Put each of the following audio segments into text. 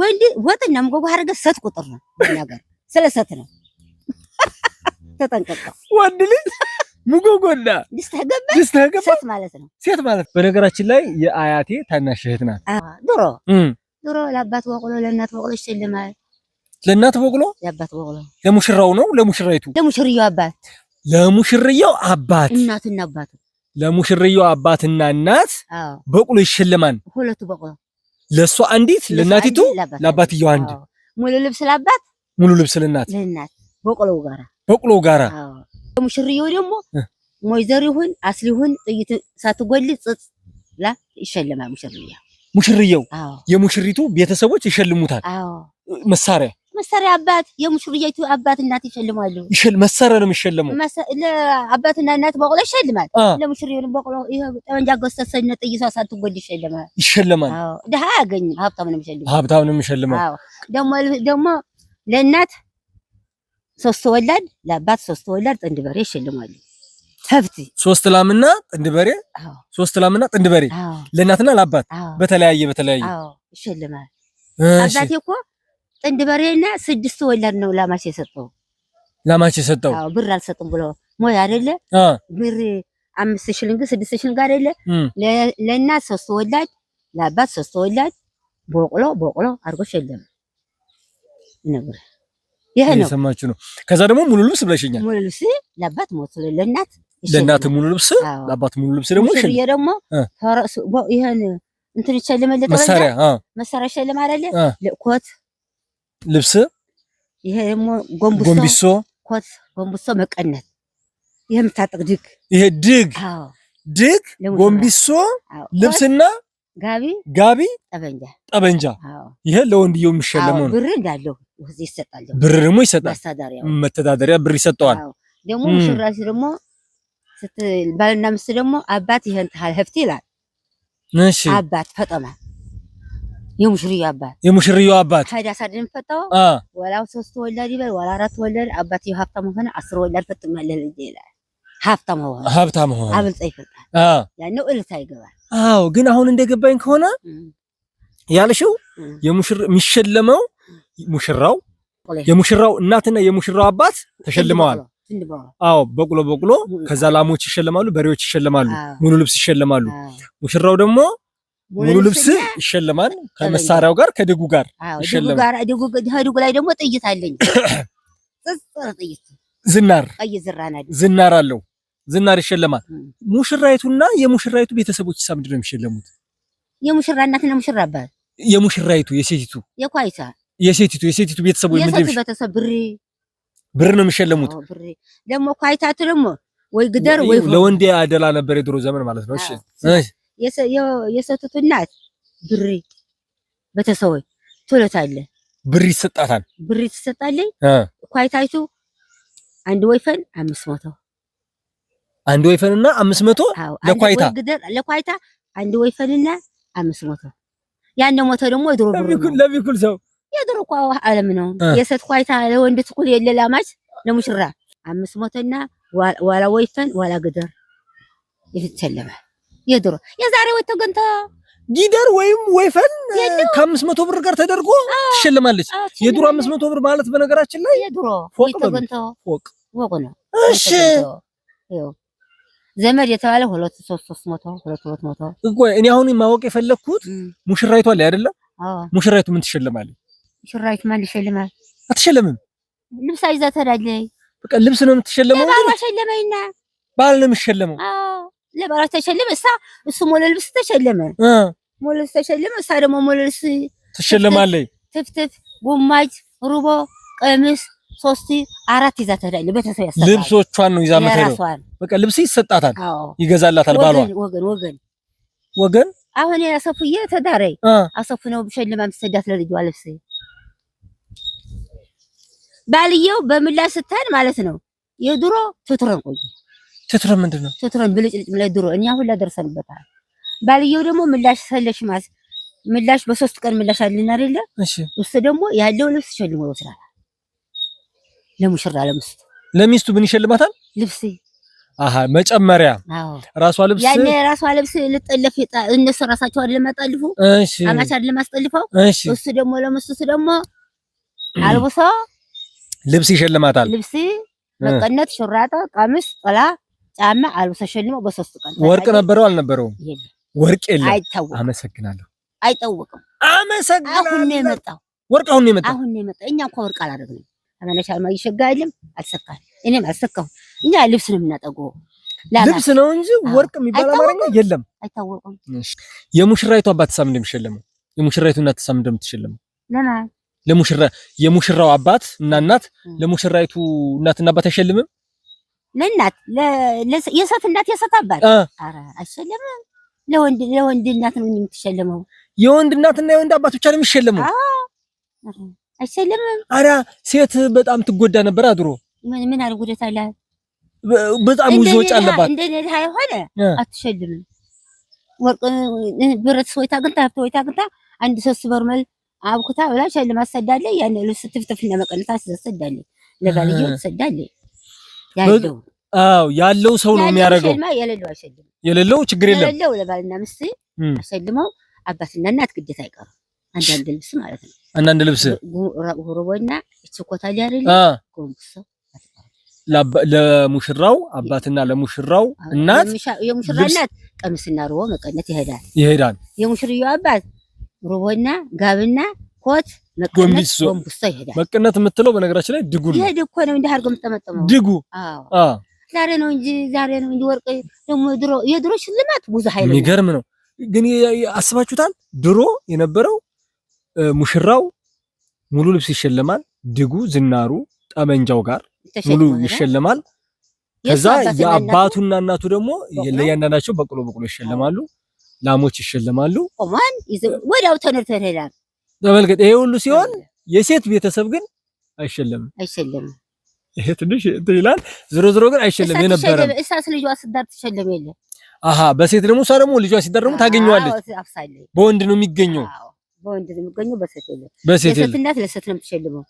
ወንድ ወጥና ምጎጎ አደረገ ሰት ቁጥር ነው ነገር ስለ ሰት ነው። ተጠንቀቀ ወንድ ልጅ ምጎጎና ዲስተገባ ሰት ማለት ነው ሴት ማለት በነገራችን ላይ የአያቴ ታናሽ እህት ናት። ድሮ ድሮ ለአባት በቅሎ ለእናት በቅሎ ይሰልማል። ለእናት በቅሎ ለአባት በቅሎ ለሙሽራው ነው ለሙሽራይቱ ለሙሽርየው አባት ለሙሽርየው አባት እናትና አባቱ ለሙሽርየው አባትና እናት በቅሎ ይሸልማል። ሁለቱ በቅሎ ለእሷ አንዲት ለእናቲቱ ለአባትየው አንድ ሙሉ ልብስ ለአባት ሙሉ ልብስ ለእናት ለእናት በቆሎው ጋራ በቆሎው ጋራ ሙሽርየው ደግሞ ሞይዘር ይሁን አስል ይሁን ጥይት ሳትጎል ጽጽ ላ ይሸልማል። ሙሽርየው ሙሽርየው የሙሽሪቱ ቤተሰቦች ይሸልሙታል መሳሪያ መሰሪያ አባት የሙሽሪያቱ አባት እናት ይሸልማሉ። ይሽል መሰረ ነው የሚሸልመው። ለአባትና እናት በቆሎ ይሸልማል። ለሙሽሪው በቆሎ ይሄ ጠመንጃ ገሰሰነ ጥይቷ ሳትጎድ ይሸልማል። ይሸልማል። አዎ ደሃ አያገኝም። ሀብታም ነው የሚሸልመው። ሀብታም ነው የሚሸልመው። አዎ ደሞ ደሞ ለእናት ሶስት ወላድ ለአባት ሶስት ወላድ ጥንድ በሬ ይሸልማሉ። ከብት ሶስት ላምና ጥንድ በሬ ሶስት ላምና ጥንድ በሬ ለእናትና ለአባት በተለያየ በተለያየ ይሸልማል። አባቴ እኮ ጥንድ በሬና ስድስት ወላድ ነው ላማች የሰጠው ላማች የሰጠው አዎ፣ ብር አልሰጥም ብሎ ሞይ አይደለ ብር አምስት ሽልንግ ስድስት ሽልንግ አይደለ ለእናት ሶስት ወላድ ለአባት ሶስት ወላድ ቦቅሎ ቦቅሎ አድርጎ ሸለም ነበር። ይሄ ነው የሰማችሁ ነው። ከዛ ደግሞ ሙሉ ልብስ ብለሽኛል። ሙሉ ልብስ ለአባት ሞት ለእናት ለእናት ሙሉ ልብስ ለአባት ሙሉ ልብስ ደግሞ ሽል ደግሞ ይሄን እንትን ይቸልመለ መሳሪያ መሳሪያ ሸለም አይደለ ለኮት ልብስ ይሄ ደግሞ ጎንብሶ ኮት ጎንብሶ መቀነት ይሄ የምታጠቅ ድግ ይሄ ድግ ድግ ጎንብሶ ልብስና ጋቢ ጋቢ ጠበንጃ ጠበንጃ ይሄ ለወንድየው የሚሸለመው ነው። ብር እንዳለው እዚህ ይሰጣል። ብር ደግሞ ይሰጣል። መተዳደሪያ ብር ይሰጠዋል። ደግሞ ሙሽራሽ ደግሞ ባልና ሚስት ደግሞ አባት ይሄን ታህል ሀብት ይላል። እሺ አባት ፈጠማ የሙሽሪያ አባት የሙሽሪያው አባት ሀዳ ሳድን ፈታው ወላው ሶስት ወላድ ይበል ወላ አራት ወላድ አባት ሀብታም ሆነ አስር ወላድ ፈጥም ያለ ልጅ ይላል። ሀብታም ሆነ ሀብታም ሆነ አብልጣ ይፈጣል። ያነው እልታ ይገባል። አዎ ግን አሁን እንደገባኝ ከሆነ ያልሽው የሙሽር የሚሸለመው ሙሽራው የሙሽራው እናትና የሙሽራው አባት ተሸልመዋል። አዎ በቅሎ በቅሎ ከዛ ላሞች ይሸለማሉ፣ በሬዎች ይሸለማሉ፣ ሙሉ ልብስ ይሸለማሉ። ሙሽራው ደግሞ ሙሉ ልብስ ይሸልማል ከመሳሪያው ጋር ከድጉ ጋር ይሸልማል። ድጉ ላይ ደግሞ ጥይት አለኝ። ዝናር ዝናር አለው ዝናር ይሸለማል። ሙሽራይቱና የሙሽራይቱ ቤተሰቦች ሳ ምንድን የሚሸለሙት? የሙሽራ እናትና ሙሽራ አባት የሙሽራይቱ የሴቲቱ የኳይታ የሴቲቱ የሴቲቱ ቤተሰቦች ቤተሰብ ብር ብር ነው የሚሸለሙት። ደግሞ ኳይታቱ ደግሞ ወይ ግደር ወይ ለወንዴ አደላ ነበር የድሮ ዘመን ማለት ነው። እሺ የሰቱት እናት ብሪ በተሰወይ ቶሎታለ ብሪ ትሰጣታል ብሪ ትሰጣለኝ። ኳይታይቱ አንድ ወይፈን አምስት መቶ አንድ ወይፈንና አምስት መቶ ለኳይታ ለኳይታ አንድ ወይፈንና አምስት መቶ ያን ሞተ ደግሞ የድሮ ብሩ ለሚኩል ለሚኩል ሰው የድሮ እኮ አለም ነው። የሰት ኳይታ ለወንድ ትኩል የለላማች ለሙሽራ አምስት መቶና ዋላ ወይፈን ዋላ ግደር ይተለማል የድሮ የዛሬ ወይ ገንታ ጊደር ወይም ወይፈን ከአምስት መቶ ብር ጋር ተደርጎ ትሸልማለች። የድሮ አምስት መቶ ብር ማለት በነገራችን ላይ የድሮ ፎቅ ፎቅ ነው። እሺ ዘመድ የተባለ ሁለት ሶስት ሶስት መቶ ሁለት ሁለት መቶ እኮ እኔ አሁን ማወቅ የፈለግኩት ሙሽራይቷ ላይ አይደለም። ሙሽራይቱ ምን ትሸልማለች? ሙሽራይቱ ማን ይሸልማል? አትሸለምም። ልብስ አይዛ ተዳለይ በቃ ልብስ ነው የምትሸለመው። ባል ነው የሚሸለመው። ለባሏ ተሸለመ። እሳ እሱ ሞለልብስ ተሸለመ። ሞለልብስ ተሸለመ። እሳ ደግሞ ሞለልብስ ትሸለማለች። ትፍትፍ፣ ጉማጅ፣ ሩቦ፣ ቀሚስ ሶስት አራት ይዛ ትሄዳለች። ቤተሰብ ያሳታል። ልብሶቿን ነው ይዛ መተው በቃ ልብስ ይሰጣታል፣ ይገዛላታል። ባሏ ወገን ወገን ወገን አሁን ያሰፉዬ ተዳረይ አሰፉ ነው ሸልማ የምትሰዳት ለልጇ ልብስ ባልየው በምላስ ስታን ማለት ነው የድሮ ትትረን ቆይ ትትረ ምንድን ነው ትትረ ብልጭልጭ ላይ ድሮ እኛ ሁላ ደርሰንበታል። ባልየው ደግሞ ምላሽ ሰለሽ ማስ ምላሽ በሶስት ቀን ምላሽ አለና አይደለ? እሺ እሱ ደግሞ ያለው ልብስ ሸልሞ ይወስዳል። ለሙሽራ ለሚስቱ ለሚስቱ ምን ይሸልማታል? ልብስ አሃ መጨመሪያ ራሷ ልብስ ያኔ ራሷ ልብስ ልጠለፍ እነሱ ራሳቸው አይደለም ያጠልፉ። እሺ አማች አይደለም ያስጠልፈው። እሱ ደግሞ ለሚስቱ ደግሞ አልብሶ ልብስ ይሸልማታል። ልብስ መቀነት፣ ሹራጣ፣ ቀሚስ፣ ጥላ ጫማ አሉ ተሸልሞ በሶስት ቀን ወርቅ ነበረው አልነበረው ወርቅ የለም። አይታወቅም። አመሰግናለሁ። አይታወቅም። አመሰግናለሁ። አሁን ነው የመጣው ወርቅ፣ አሁን ነው የመጣው፣ አሁን ነው የመጣው። እኛ እንኳን ወርቅ አላደረግንም። አመነሻ አልማዝ ይሸጋ አይደለም እኔም አልሰካሁም። እኛ ልብስ ነው የምናጠገው፣ ልብስ ነው እንጂ ወርቅ የሚባል አማርኛ የለም። አይታወቅም። የሙሽራይቱ አባት ሳም እንደሚሸለመው የሙሽራይቱ እናት ሳም እንደምትሸለመው ለሙሽራ የሙሽራው አባት እና እናት ለሙሽራይቱ እናትና አባት አይሸልምም። ለእናት የሰት እናት የሰት አባት ኧረ አይሸለምም። ለወንድ ለወንድ እናት ነው የምትሸለመው። የወንድ እናትና የወንድ አባት ብቻ ነው የሚሸለመው። አይሸለምም። አረ ሴት በጣም ትጎዳ ነበር አድሮ ምን ምን አልጎደታለ። በጣም ብዙ ወጪ አለባት። እንደ ነህ አይሆነ አትሸልምም። ወርቅ ብረት ሰውታ ግን ታፍቶ ወይታ ግን አንድ ሶስት በርመል አብኩታ ብላ ሸልማ ሰዳለ። ያን ልብስ ትፍትፍ እና መቀነታ ሰዳለ። ለባልየው ሰዳለ ያለው ያለው ሰው ነው የሚያደርገው። የሌለው ችግር የለም። የሌለው ለባልና ሚስት አሸልመው አባትና እናት ግዴታ አይቀርም። አንዳንድ ልብስ ማለት ነው። አንዳንድ ልብስ ጉሮቦና እችኮታ ሊያርል ጎንብሶ ለሙሽራው አባትና ለሙሽራው እናት የሙሽራ እናት ቀሚስና ሩቦ መቀነት ይሄዳል ይሄዳል። የሙሽርየው አባት ሩቦና ጋብና ኮት ይሄዳል። መቀነት የምትለው በነገራችን ላይ ድጉ ነው። ይሄ ድኮ ነው እንዲህ አድርጎ የምጠመጠመው ድጉ። አዎ ዛሬ ነው እንጂ ዛሬ ነው እንጂ ወርቅ ደግሞ ድሮ የድሮ ሽልማት ብዙ ኃይል የሚገርም ነው። ግን አስባችሁታል? ድሮ የነበረው ሙሽራው ሙሉ ልብስ ይሸለማል። ድጉ ዝናሩ ጠመንጃው ጋር ሙሉ ይሸለማል። ከዛ የአባቱና እናቱ ደግሞ ለእያንዳንዳቸው በቅሎ በቅሎ ይሸለማሉ። ላሞች ይሸለማሉ። ወዲያው ተነርተር ተመልከት። ይሄ ሁሉ ሲሆን የሴት ቤተሰብ ግን አይሸለምም አይሸለምም። ይሄ ትንሽ እንትን ይላል። ዝሮ ዝሮ ግን አይሸለም የነበረ እሳስ ልጇ ሲዳር ትሸለም የለ አሀ በሴት ደግሞ እሷ ደግሞ ልጇ ሲዳር ደግሞ ታገኘዋለች። በወንድ ነው የሚገኘው በወንድ ነው የሚገኘው፣ በሴት የለም። በሴት እናት ለሴት ነው የምትሸልመው።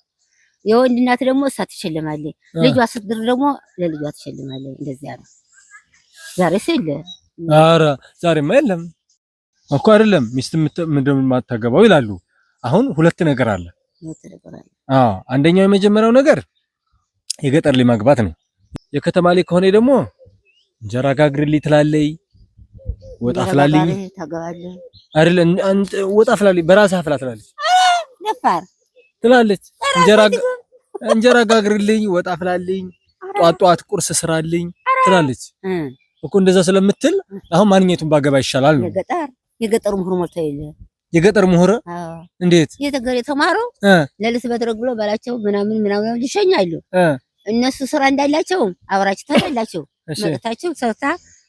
የወንድ እናት ደግሞ እሷ ትሸልማለች። ልጇ ስትድር ደግሞ ለልጇ ትሸልማለች። እንደዚያ ነው። ዛሬ ሲል አረ ዛሬማ የለም እኮ አይደለም ሚስት ምንድን ማታገባው ይላሉ አሁን ሁለት ነገር አለ። አዎ አንደኛው የመጀመሪያው ነገር የገጠር ላይ ማግባት ነው። የከተማ ላይ ከሆነ ደግሞ እንጀራ ጋግርልኝ ትላለይ፣ ወጣ ፍላልኝ አይደል? አንተ ወጣ ፍላልኝ በራስህ አፍላ ትላለች፣ ደፋር ትላለች። እንጀራ እንጀራ ጋግርልኝ፣ ወጣ ፍላልኝ፣ ጧት ጧት ቁርስ ስራልኝ ትላለች እኮ እንደዛ ስለምትል አሁን ማንኛቱን ባገባ ይሻላል ነው የገጠር የገጠሩ ምሁር ሆርሞታ የገጠር ምሁር እንዴት የተገሬ የተማሩ ለልስ በትረግ ብሎ ባላቸው ምናምን ምናምን ይሸኛሉ። እነሱ ስራ እንዳላቸው አብራች ታላላቸው መጥታቸው ሰርታ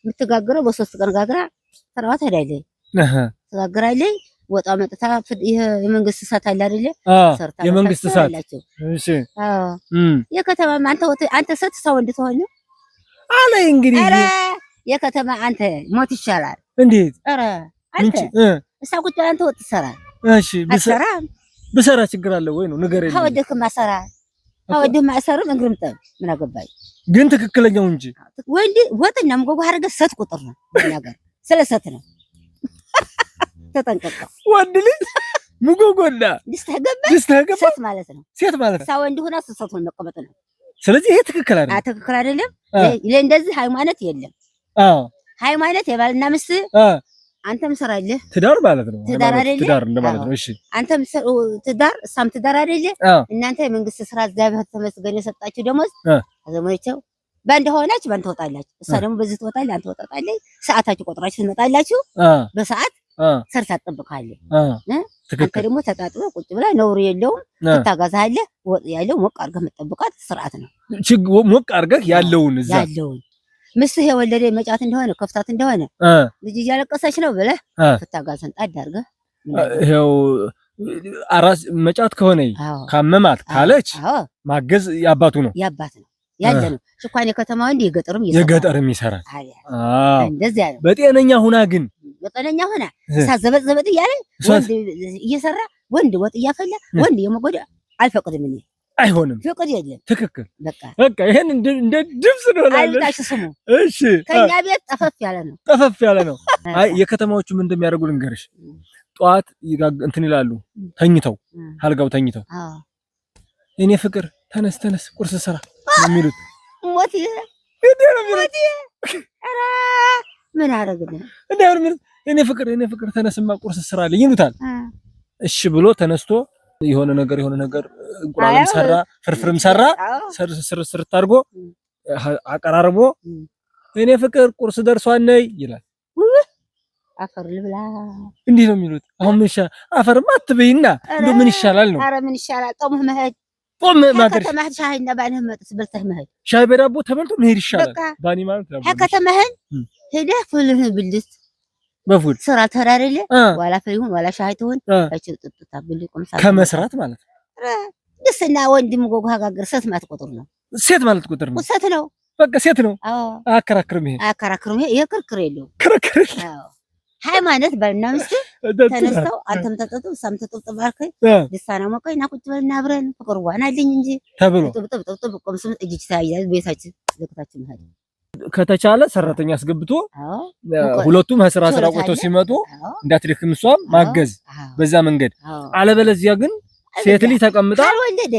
የምትጋግረው በሶስት ቀን ጋግራ ስራዋ ታዳለች ትጋግራለች። ወጣ መጥታ የመንግስት እሳት አለ አይደለ? ሰርታ የመንግስት እሳት እሺ። አዎ የከተማ አንተ አንተ ሰት ሰው እንድትሆን አለ እንግዲህ የከተማ አንተ ሞት ይሻላል። እንዴት አረ አንተ እሳ ቁጭ ብላ አንተ ወጥ ትሰራ። እሺ ብሰራ ብሰራ ችግር አለ ወይ ነው ነገር የለም። ከወደድክማ ሰራ፣ ከወደድክማ እሰርም እግርም ጠብ ምን አገባኝ። ግን ትክክለኛው እንጂ ወንድ ወጥና ምጎጎ አደረገ ሰት ቁጥር ነው ነገር ስለ ሰት ነው። ተጠንቀቀ ወንድ ልጅ ምጎጎና ዲስተገባ ሴት ማለት ነው። ሴት ማለት ነው ወንድ ሆና ሰት ሆና መቀመጥ ነው። ስለዚህ ይሄ ትክክል አይደለም። አዎ ትክክል አይደለም። ለእንደዚህ ሃይማኖት የለም። አዎ ሃይማኖት የባልና ሚስት አንተም ስራ ትዳር ማለት ነው። ትዳር አይደለ? ትዳር እንደማለት ነው። እሺ አንተም ትዳር እሷም ትዳር አይደለ? እናንተ የመንግስት ስራ እግዚአብሔር ተመስገን የሰጣችሁ ደሞዝ አዘመቸው በአንድ ሆናችሁ በአንድ ትወጣላችሁ። እሷ ደግሞ በዚህ ትወጣለች፣ አንተ ትወጣለች። ሰዓታችሁ ቆጥራችሁ ትመጣላችሁ። በሰዓት ሰርታ ትጠብቃለች። አንተ ደግሞ ተጣጥበ ቁጭ ብላ ነውር የለውም ትታጋዛለህ። ወጥ ያለው ሞቅ አድርገህ መጠብቃት ስርዓት ነው። ሞቅ አድርገህ ያለውን እዛ ያለውን ምስህ የወለደ መጫት እንደሆነ ከፍታት እንደሆነ ልጅ እያለቀሰች ነው ብለህ ፍታ ጋር ሰንጣድ አድርገህ ይኸው አራስ መጫት ከሆነ ካመማት ካለች ማገዝ ያባቱ ነው ያባት ነው ያለ ነው። ሽኳን የከተማው እንደ የገጠሩም ይሰራል የገጠሩም ይሰራል። አዎ እንደዚያ ነው። በጤነኛ ሁና ግን በጤነኛ ሁና ሳዘበጥ ዘበጥ እያለ ወንድ እየሰራ ወንድ ወጥ እያፈላ ወንድ የመጎዳ አልፈቅድም እኔ አይሆንም። ፍቅድ የለም። ትክክል። በቃ በቃ ይሄን እንደ ድምፅ እንሆናለን። አልታሽ ስሙ። እሺ፣ ከኛ ቤት ጠፈፍ ያለ ነው፣ ጠፈፍ ያለ ነው። አይ የከተማዎቹ ምን እንደሚያደርጉ ልንገርሽ። ጠዋት እንትን ይላሉ፣ ተኝተው አልጋው ተኝተው፣ አዎ፣ እኔ ፍቅር ተነስ ተነስ ቁርስ ስራ የሚሉት ሞት ይሄ ሞት ይሄ ኧረ ምን አደረግልኝ እንዴ! እኔ ፍቅር እኔ ፍቅር ተነስማ ቁርስ ስራ አለኝ ይሉታል። እሺ ብሎ ተነስቶ የሆነ ነገር የሆነ ነገር እንቁላልም ሰራ ፍርፍርም ሰራ ስርስር ታርጎ አቀራርቦ እኔ ፍቅር ቁርስ ደርሷል ነይ ይላል። አፈር ልብላ እንዲህ ነው የሚሉት። አሁን ምን ይሻላል? አፈርማ አትበይና እንደው ምን ይሻላል ነው። ኧረ ምን ይሻላል? ጦምህ መሄድ ጦም ማገር ከተማህ ሻይና ባንህ መጥስ በልተህ መሄድ ሻይ በዳቦ ተበልቶ መሄድ ይሻላል። ባኒ ማለት ነው ከተማህን ሄደህ ፍልህ ብልስ በፉል ስራ ተራ አይደለ ዋላ ፍሬ ይሁን ዋላ ሻይ ትሁን እቺው ጥጥታ ብል ቁምሳ ከመስራት ማለት ነው። ደስና ወንድም ጎጎ ሀጋገር ሴት ማለት ቁጥር ነው። ሴት ማለት ቁጥር ነው። ሴት ነው። በቃ ሴት ነው። አያከራክርም። ይሄ አያከራክርም። ይሄ ክርክር የለውም። ክርክር አዎ። ሃይማኖት ባልና ሚስት ተነስተው አንተም ተጠጡ ሳም ተጠጡ አልከኝ ልሳና ሞቀኝ ና ቁጭ በልና አብረን ፍቅር ዋና አለኝ እንጂ ተብሎ ጥብጥብ ጥብጥብ ቁምስም እጅ ተያያዝ ቤታችን ልክታችን ማለት ከተቻለ ሰራተኛ አስገብቶ ሁለቱም ከስራ ስራ ቆይተው ሲመጡ እንዳትደክም እሷም ማገዝ በዛ መንገድ። አለበለዚያ ግን ሴት ልጅ ተቀምጣ ወንደደ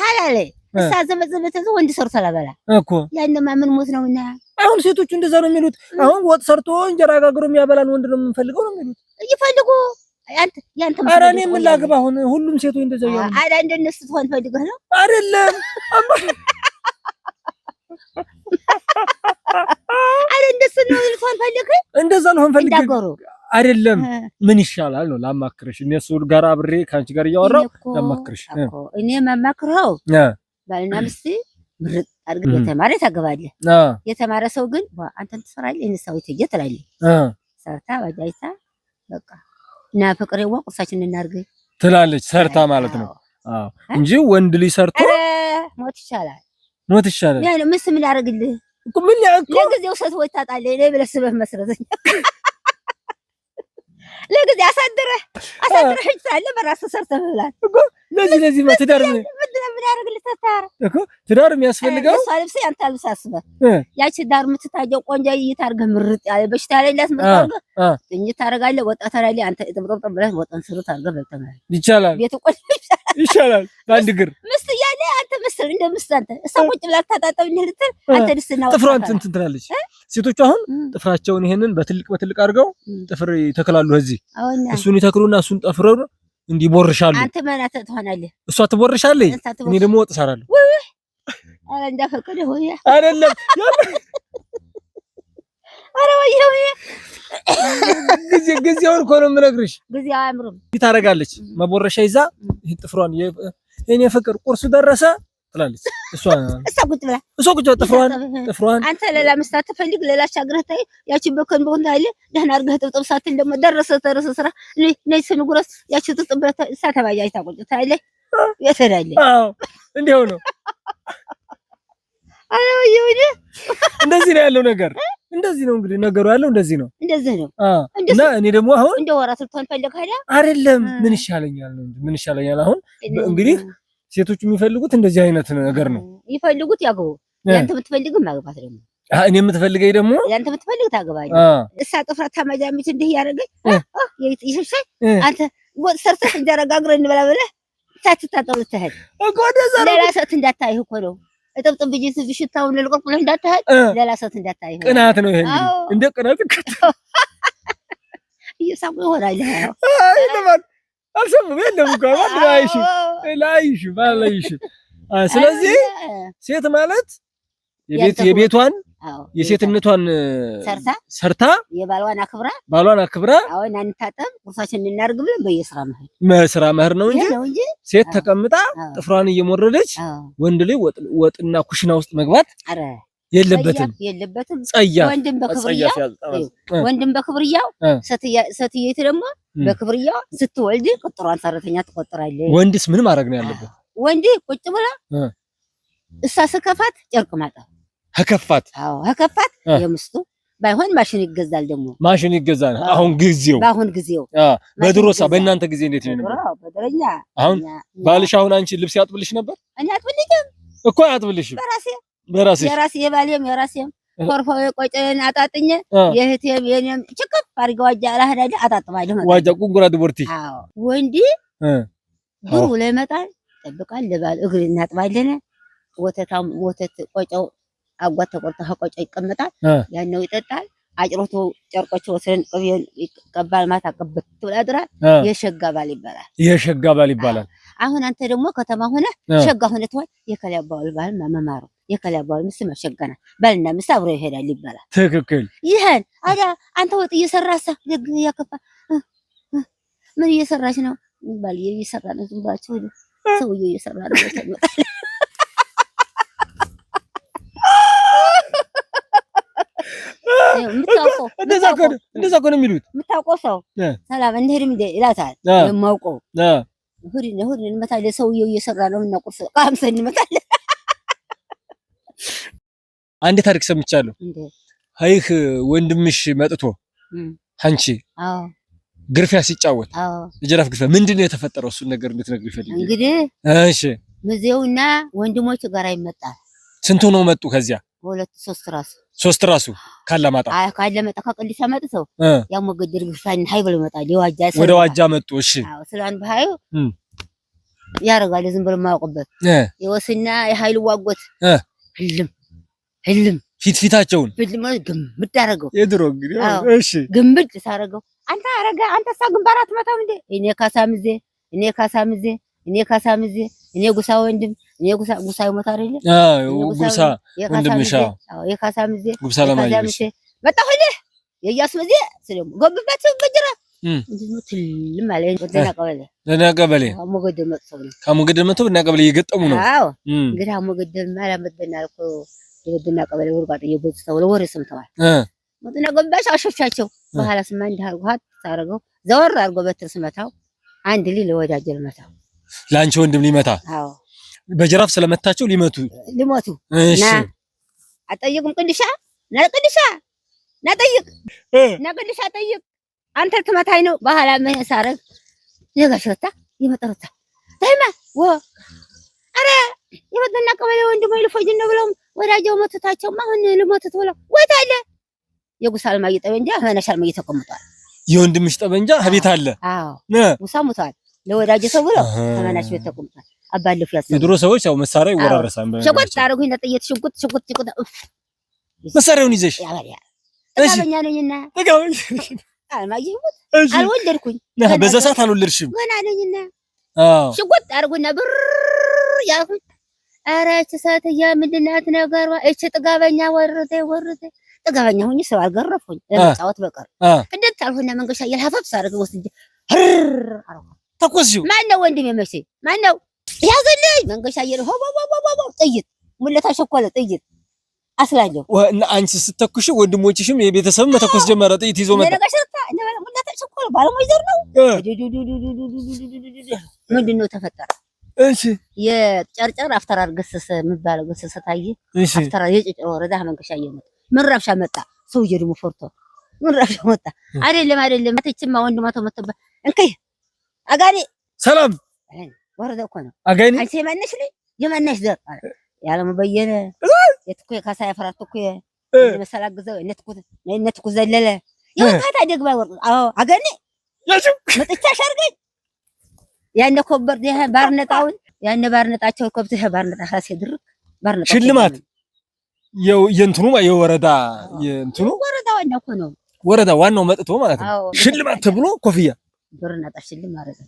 ሀላለ እሳ ዘመዘመተ ወንድ ሰርቶ አላበላ እኮ ያንማ ምን ሞት ነው እና አሁን ሴቶቹ እንደዛ ነው የሚሉት። አሁን ወጥ ሰርቶ እንጀራ ጋግሮ የሚያበላን ወንድ ነው የምንፈልገው ነው የሚሉት እይፈልጉ ያንተ ኧረ እኔ ምን ላግባ? አሁን ሁሉም ሴቶች እንደዛ ያሉ አዳ እንደነሱ ትሆን ፈልገህ ነው አይደለም አማ አረ እንደሱ ነው ልሆን ፈልግ እንደዛ ልሆን ፈልግ አይደለም ምን ይሻላል ነው ላማክርሽ። እነሱ ጋር አብሬ ከአንቺ ጋር እያወራው ላማክርሽ። እኔ ማማክረው ባልና ሚስት ምርጥ አድርገህ የተማረ ታገባለ። የተማረ ሰው ግን አንተን ትሰራለ እኔ ይተየ ትላለ። ሰርታ ባጃጅታ በቃ እና ፍቅሬዋ ቁርሳችን እናድርግ ትላለች። ሰርታ ማለት ነው እንጂ ወንድ ሊሰርቶ ሞት ይሻላል፣ ሞት ይሻላል። ምስ ምን ስም ምን ለጊዜው ወይ ታጣለ ላይ ብለህ ስበህ መስረዘኝ ለጊዜ አሳድረህ አሳድረህ ሂጅ ሳለ በራስህ ሰርተህ ብላል ለዚህ ለዚህ ትዳር ትዳር የሚያስፈልገው እሷ ልብስ ያንተ ልብስ አስበህ ያቺ ዳር የምትታየው ቆንጆ እየታርገህ ምርጥ ያለ በሽታ ላይ ላትመጣው እኝ ታደርጋለህ ወጣት ላይ አንተ ጥብጥብ ብለህ ወጣን ስሩት አድርገህ በልተህ ይቻላል ቤት ቆንጆ ይሻላል በአንድ እግር እንደምስል እንደምስል አንተ እሷ ቁጭ ብላ ታጣጣብ ልትል አንተ ድስት እና ጥፍሯን እንትን ትላለች። ሴቶቹ አሁን ጥፍራቸውን ይሄንን በትልቅ በትልቅ አድርገው ጥፍር ይተክላሉ። እዚህ እሱን ይተክሉና እሱን ጠፍረው እንዲህ ቦርሻሉ። አንተ መናተ ትሆናለህ፣ እሷ ትቦርሻለች፣ እኔ ደግሞ ወጥ እሰራለሁ። አረ እንዳፈቀደ ሆያ አይደለም አረ ወይ ወይዬ ጊዜ ጊዜውን እኮ ነው የምነግርሽ። ጊዜ አያምርም። ታደርጋለች መቦረሻ ይዛ ይሄን ጥፍሯን የኔ ፍቅር ቁርሱ ደረሰ ትላለች። እሷ እሷ ቁጭ ብላ እሷ ቁጭ ብላ ጥፍሯን ጥፍሯን አንተ ሌላ መስራት ትፈልግ ሌላ ሻግረህ ታይ ያቺን በከን በሆነ አይደል ደህና አድርገህ ጥብጥብ ሳትን ደግሞ ደረሰ ተረሰ ስራ ነይ ስንጉረስ ያቺ ጥብጥብ ሳተባያይ ታቆጭ ታይለ የተዳለ አዎ እንዲያው ነው። አይ ወይኔ እንደዚህ ነው ያለው ነገር። እንደዚህ ነው እንግዲህ ነገሩ ያለው እንደዚህ ነው እንደዚህ ነው። እና እኔ ደግሞ አሁን እንደ ወራ ልትሆን ፈለግ አይደለም ምን ይሻለኛል ምን ይሻለኛል አሁን እንግዲህ ሴቶች የሚፈልጉት እንደዚህ አይነት ነገር ነው ይፈልጉት። ያግቡ። ያንተ የምትፈልግም ማግባት ደግሞ እኔ የምትፈልገኝ ደግሞ ያንተ የምትፈልግ ታገባኝ። እሳ ጥፍራት ታመጃሚት እንዲህ እያደረገች ይሸሻል። አንተ ወጥ ሰርተህ እንጀረጋግረ እንበላ ብለህ ሳትታጠብ ልትሄድ ሌላ ሰት እንዳታይህ እኮ ነው። እጥብጥብ ብዬ ሽታውን ልልቆርቅ ብለህ እንዳትሄድ ሌላ ሰት እንዳታይህ ቅናት ነው። ይሄ እንደ ቅናት ይሳሙ ይሆናል። አልሰማም። የለም እኮ ባይሽ ላይሽ አላይሽም። ስለዚህ ሴት ማለት የቤት የቤቷን የሴትነቷን ሰርታ ሰርታ የባሏን አክብራ ባሏን አክብራ አሁን አንታጠብ ቁርሳችን እናርግ ብለን በየስራ መህር መስራ መህር ነው እንጂ ሴት ተቀምጣ ጥፍሯን እየሞረደች ወንድ ላይ ወጥና ኩሽና ውስጥ መግባት አረ የለበትም የለበትም። ጸያፍ ወንድም በክብርያው ወንድም በክብርያው ሰትየት ደግሞ በክብርያው ስትወልድ ቁጥሯን ሰራተኛ ትቆጥራለች። ወንድስ ምን ማድረግ ነው ያለበት? ወንድ ቁጭ ብላ እሳ ስከፋት ጨርቅ ማጣው ከከፋት። አዎ ከከፋት የምስቱ ባይሆን ማሽን ይገዛል። ደግሞ ማሽን ይገዛል። አሁን ጊዜው በአሁን ጊዜው በድሮሳ በእናንተ ጊዜ እንዴት ነው ነበር? በደረኛ አሁን ባልሽ አሁን አንቺ ልብስ ያጥብልሽ ነበር? እኔ አጥብልኝም እኮ አያጥብልሽም በራሴ በራሴ የራሴ የባሌም የራሴም የእህቴም የኔም ችክፍ ዋጃ አጣጥባለሁ። ዋጃ ቁንጉራ ድቦርቲ ወንዲ ብሩ ጠብቃል። እግር እናጥባለን። ወተታም ወተት ቆጨው አጓት ተቆርጦ ከቆጨው ይቀመጣል። ይጠጣል። አጭሮቶ ጨርቆች ወስደን ቅቤን ይቀባል። ማታ የሸጋ ባል ይባላል። የሸጋ ባል ይባላል። አሁን አንተ ደግሞ ከተማ ሆነ ሸጋ ሆነ ትሆን ባል መማሩ የከለባው ምስ መሸገና በልና ምስ አብሮ ይሄዳል ይባላል። ትክክል። ይሄን አዳ አንተ ወጥ እየሰራሳ ያከፋ ምን እየሰራች ነው ይባል እየሰራ ነው ዝምባችሁ ሰውዬው እየሰራ ነው እንደዛ ነው የሚሉት። የምታውቀው ሰው ሰላም እንደ ይላታል። የማውቀው እንመጣለን። እየሰራ ነው እንመጣለን አንድ ታሪክ ሰምቻለሁ። ሀይህ ወንድምሽ መጥቶ አንቺ ግርፊያ ሲጫወት ጅራፍ ግርፊያ ምንድን ነው የተፈጠረው? እሱን ነገር እንድትነግሪኝ ፈልጌ። እንግዲህ እሺ፣ ሚዜውና ወንድሞቹ ጋር ይመጣል። ስንቱ ነው መጡ? ከዚያ ሁለት ሶስት ራሱ ሶስት ራሱ ካላማጣ አይ ካላማጣ ከቅሊሳ መጥተው ያው መገደር ግፋን ሀይ ብሎ ይመጣል። የዋጃ ወደ ዋጃ መጡ። እሺ፣ አዎ፣ ስላን በሀዩ ያደርጋል። ዝም ብሎ የማያውቅበት የወስና የሀይል ዋጎት ህልም ህልም ፊት ፊታቸውን ህልም ግምድ አደረገው። የድሮ እንግዲህ እሺ፣ ግምድ ሳረገው አንተ አረጋ አንተ ሳ ግንባር አትመታም እንዴ? እኔ ካሳምዜ እኔ ካሳምዜ እኔ ካሳምዜ እኔ ጉሳ ወንድም እኔ ጉሳ ጉሳ ይሞታ አይደለ? አዎ ጉሳ ወንድም ወንድምሽ አዎ የካሳምዜ ጉሳ ለማይሽ መጣ እንዴ? የያስ መዜ ስለሙ ጎብበት በጅራ ቀበሌ ከሞገደል መጥቶ ብና ቀበሌ እየገጠሙ ነው። አዎ እንግዲህ አሞገደል ማለት በና እኮ የግድና ቀበሌ ውርጋጥ እየጎጽ ተብሎ ወሬ ሰምተዋል። መጡና ገባሽ አሸሻቸው። በኋላ ስማ እንዲህ ታረገው ዘወር አርጎ በትር ስመታው አንድ ሊ ለወዳጀ ልመታው ለአንቺ ወንድም ሊመታ አዎ፣ በጅራፍ ስለመታቸው ሊመቱ ሊመቱ እሺ አጠይቁም ቅድሻ ና ቅድሻ ና ጠይቅ ና ቅድሻ ጠይቅ አንተ ልትመታኝ ነው። በኋላ ምን ሳረግ ይጋሽታ ይመጣውታ ታይማ ወ አረ ይወደና ቀበሌ ወንድም ይልፈጅ ነው ብለው ወዳጀው ሞትታቸውማ አሁን ልሞትት ብለው ወታ አለ የጉሳ አልማየ ጠበንጃ ሆነሽ አልማየ ተቀምጧል። የወንድምሽ ጠበንጃ ቤት አለ። አዎ ጉሳ ሙቷል። ለወዳጀ ሰው ብለው ተመናሽ ቤት ተቀምጧል። አባለፉ ያስ ድሮ ሰዎች ያው መሳሪያ ይወራረሳል። ሸቆጥ አደረጉኝ ለጥይት ሽጉጥ ሽጉጥ ሽጉጥ መሳሪያውን ይዘሽ ያባሪያ ጠበኛ ነኝና ተጋውኝ አልማየ ሙት አልወለድኩኝ። በዛ ሰዓት አልወለድሽም ገና ነኝና አዎ ሽጉጥ አደረጉኝ ብር ያልኩኝ ኧረ ይህች ሴትዮ ምንድን ናት ነገሯ? ይህች ጥጋበኛ ወርዴ ወርዴ ጥጋበኛ ሁኝ ሰው አልገረፉኝ ለመጫወት በቀር እንዴት አልሆነ መንገሻ የልሀፈብስ አድርግ ወስጄ ተኮስ ማነው ወንድሜ መቼ ማነው ያዘልኝ መንገሻ የ ጥይት ሙለታ ሸኮለ ጥይት አስላለሁ አንቺ ስተኩሽ ወንድሞችሽም የቤተሰብ መተኮስ ጀመረ። ጥይት ይዞ መጣ። ሙለታ ሸኮለ ባለሞች ነው ምንድን ነው ተፈጠረ? እሺ የጨርጨር አፍተራር ገሰሰ የሚባለው ገሰሰ ታየ አፍተራር የጨርጨር ወረዳ መንገሻ እየመጣ ምን ረብሻ መጣ? ሰውዬ ደግሞ ፈርቶ ምን ረብሻ መጣ? አይደለም አይደለም፣ አትችማ ማቶ ተመተበ እንከይ አጋኒ ሰላም ወረዳ እኮ ነው አጋኒ። አንቺ የማነሽ ልጅ የማነሽ ዘር ያለሙ መበየነ የትኩ ካሳ ያፈራት እኮ የመሰላ ግዘው የነትኩ የነትኩ ዘለለ የወጣታ ደግባ ወርቅ አዎ አጋኒ ያሽ መጥቻሽ አድርገኝ ያነ ኮበር ይሄ ባርነጣውን ያነ ባርነጣቸው ኮብት ይሄ ባርነጣ ራሴ ድርቅ ባርነጣ ሽልማት የእንትኑ የወረዳ የእንትኑ ወረዳ ዋና እኮ ነው። ወረዳ ዋናው መጥቶ ማለት ነው ሽልማት ተብሎ ኮፍያ ባርነጣ ሽልማት